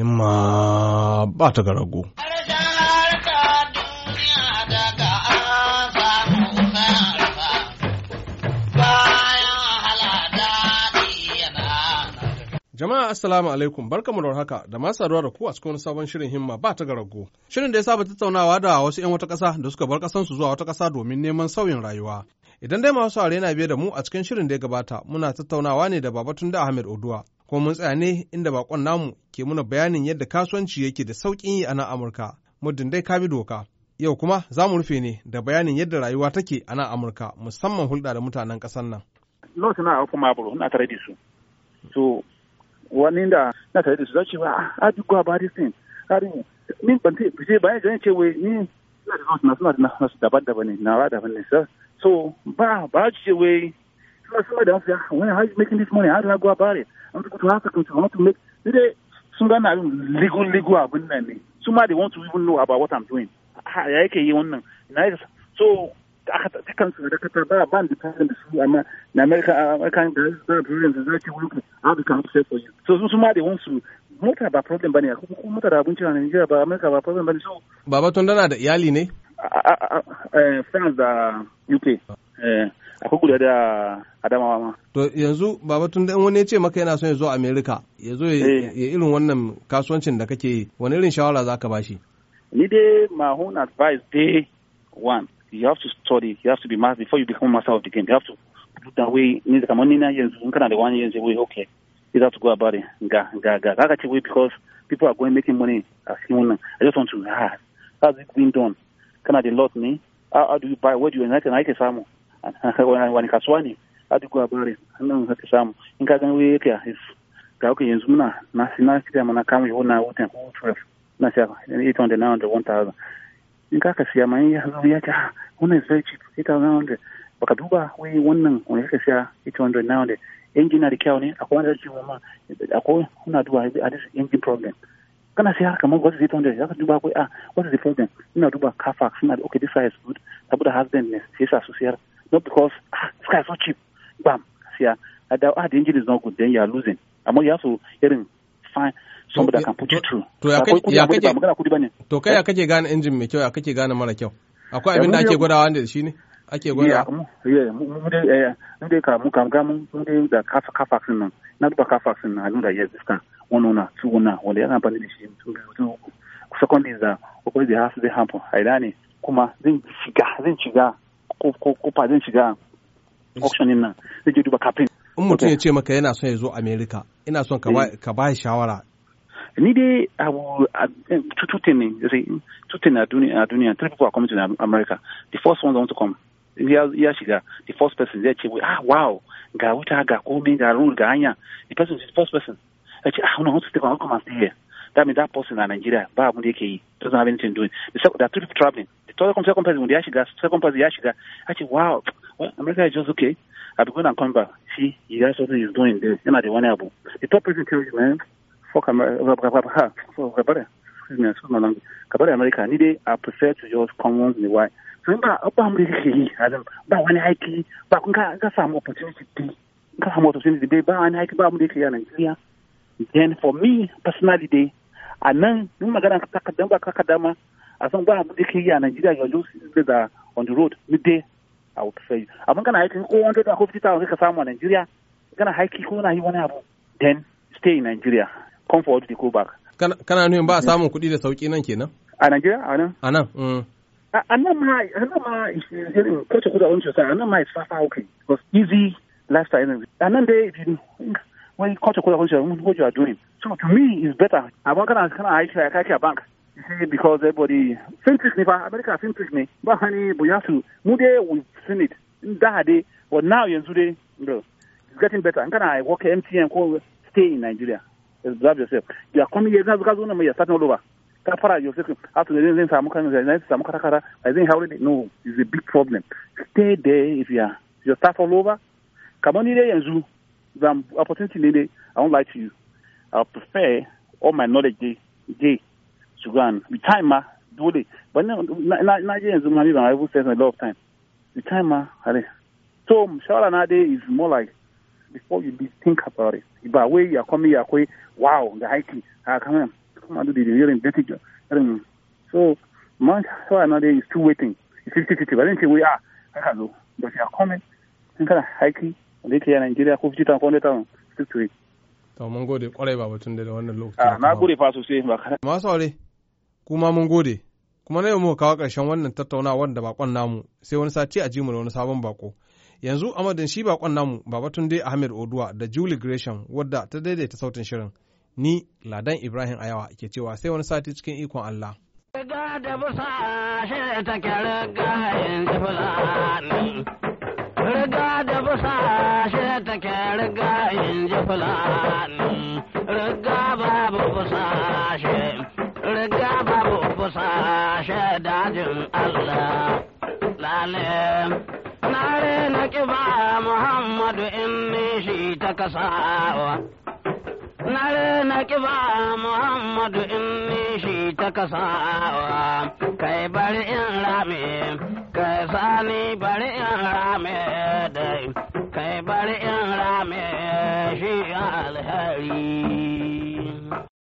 himma ba ta ga rago. Jama'a assalamu alaikum barkamu da haka da masu saduwa da ku a cikin sabon shirin himma ba ta garago. Shirin da ya saba tattaunawa da wasu 'yan wata ƙasa da suka bar ƙasansu zuwa wata ƙasa domin neman sauyin rayuwa. Idan dai masu saurari na biye da mu a cikin shirin da ya gabata muna tattaunawa ne da Babatunde Ahmed Oduwa ko mun tsaya ne inda bakon namu ke muna bayanin yadda kasuwanci yake da sauƙin yi a nan Amurka, muddin dai ka bi doka. Yau kuma za mu rufe ne da bayanin yadda rayuwa take a nan Amurka musamman hulɗa da mutanen ƙasar nan. Lot na kuma buru na tare da su. So wani da na tare da su za ah, ah, ce ba a duk ba har yi, Min ban ce bayan zan ce wai ni na da suna da nasu daban-daban ne na daban ne so ba ba ce wai That's when how you making this money? How do I go about it? I want to Africa I want to make. na legal legal abin nan suma they want to even know about what I'm doing. Ya yake yi wannan. Na yi so aka ta kansu da kata ba ban da a da su amma na America ah, American da da a da zaki wuce how the country say for you. So su they want to mota ba problem a mota da abinci a Nigeria ba America ba problem bani so. Baba Tondana da iyali ne? Ah, ah, eh, France da UK. Eh, akwai guda da adamawa ma to yanzu baba tun da wani ya ce maka yana son ya zo america ya zo ya eh. irin wannan kasuwancin da kake wani irin shawara zaka bashi ni dai my own advice day one you have to study you have to be master before you become master of the game you have to do that way ni da kamar ni na yanzu in kana da wani yanzu wai okay you have to go about it ga ga ga ga ce wai because people are going making money a cikin wannan i just want to ah how's it being done kana da lot ne how, do you buy where do you na ka samu wani kasuwa ne a duk labarin nan ka samu in ka gan wuri ka ga ku yanzu muna na sina kira mana kama yau na wutan hotel na siya 800 na 1000 in ka ka siya ma ya zo ya ta wannan sai cheap 800 baka duba wai wannan wani ka siya 800 na 1000 engine na da kyau ne akwai wanda zai ma akwai kuna duba a this engine problem kana sai haka man what is it on there zaka duba akwai a ah, what is the problem ina duba car fax ina da okay this size good saboda husband ne sai sa su not because ah, is so cheap. Bam. See, ah, ah the, uh, ah, the engine is not good. Then you are losing. Amma you have to hear him find somebody that can put you through. To ya kaje to kai ya kaje gane engine mai kyau ya kaje gane mara kyau. Akwai abin eh, da ake gwadawa wanda shi ne. Ake gwada. Ya eh, mu dai ka mun dai da kafa kafa sun nan. Na duba kafa na wanda shi Second is ah, hampo. kuma zan shiga ko ba zan shiga auction nan zai duba kafin in mutum ya ce maka yana son ya zo america ina son ka ba eh. shawara ni dai abu tutute ne tutu tutute na duniya three people are coming to america the first one want to come ya shiga the first person zai ce ah wow ga wuta ga komai ga rule ga hanya the person is the first person ya ce ah no want to stay on come and stay here that means that person na nigeria ba abin da yake yi doesn't have anything doing the second there are traveling second second person when they actually got second person they actually got actually wow well, America is just okay. I'll be going and come back. See, you guys what he's doing this. You're not the one able. The top person tells you, man, fuck America. So, excuse me, I excuse my language. Kabari America, need I prefer to just come once in a while. So, remember, Opa America, Adam, but when I key, but I got some opportunity I got some opportunity to be, but I key, but America, Nigeria. Then for me, personality. they, and then, no matter how much I can, a san ba abin da ke yi a Najeriya yanzu da da on the road midday a wata sai amma kana aiki ko wanda 100 ko ta ka samu a Najeriya kana haiki ko na yi wani abu then stay in Nigeria come forward to go back kana nuna ba samun kuɗi da sauki nan kenan a Najeriya a nan a nan mm. a nan ma a nan ma irin kace kuda wani sosai a nan ma it's fast okay was easy lifestyle a nan dai if you wai kwace kuda wani sosai what you are doing so to me is better amma kana kana aiki a a bank say because everybody centric me, America centric me. But honey, Buyasu, Mude, we've seen it. That day, but now yanzu dai no, it's getting better. And can I work MTN call stay in Nigeria? Observe yourself. You are coming here because you know you are starting all over. you're yourself after the reason samu kan zai samu kara kara. I think already no, it's a big problem. Stay there if you are. You start all over. Come on here yanzu. The opportunity I do not lie to you. I prefer all my knowledge day day the time ma dole ban na na je yanzu ma ni ban haihu sai a lot of time the time ma hare so shawara na dai is more like before you be think about it ba wai ya kwami ya kwai wow ga aiki a kamar kuma da irin dirty job irin so man shawara na dai is too waiting 50-50 ba zan we are a haka zo but you ya kwami in kana aiki da yake ya Nigeria ko 50,000 ko 100,000 stick to it. To mun gode kwarai ba batun da wannan lokaci. Na gode fa sosai ba. ma aure. kuma mun gode kuma na yau muka kawo ƙarshen wannan tattaunawar da bakon namu sai wani sati a mu da wani sabon bako yanzu amadin shi bakon namu Baba Tunde, ahmed oduwa da julie gresham wadda ta daidaita sautin shirin ni ladan ibrahim ayawa ke cewa sai wani sati cikin ikon allah Riga da busa shi ta Riga da ji fulani. na rena kiba muhammadu in ni shi ta kasawa na rena kiba muhammadu in ni shi ta kasawa kai bari in rame kai sani bari in rame dai kai bari in rame shi hari.